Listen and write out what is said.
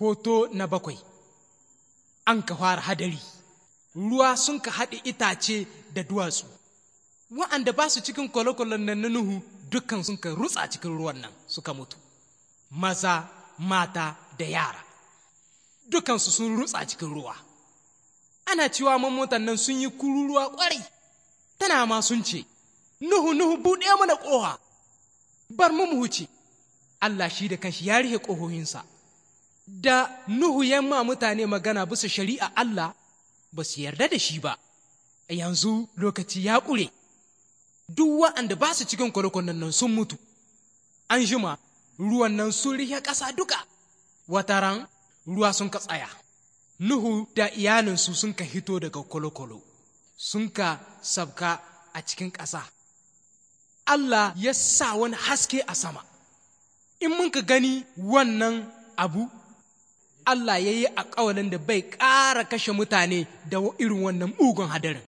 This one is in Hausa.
hoto na bakwai an ka fara hadari ruwa sun ka haɗe itace da duwatsu wa'anda ba su cikin kwalokwalon nan na nuhu dukkan sun ka rutsa cikin ruwan nan suka mutu maza mata da yara dukansu sun rutsa cikin ruwa ana cewa mamotan nan sun yi kururuwa ƙwarai tana ma sun ce nuhu nuhu buɗe mana ƙoha bar mu mu huce Allah shi da kanshi ya rihe ƙohohinsa da Nuhu ya ma mutane magana bisa shari'a Allah ba su yarda da shi ba, A yanzu lokaci ya ƙure, duk wa'anda ba su cikin kwalokonan nan sun mutu, an jima ruwan nan sun rihe ƙasa duka, wataran ruwa sun ka tsaya. Nuhu da iyalinsu sun ka hito daga kwalokwalo, sun ka sabka a cikin ƙasa. Allah ya sa wani haske a sama, in mun ka gani wannan abu Allah ya yi alƙawalin da bai ƙara kashe mutane da irin wannan mugun hadarin.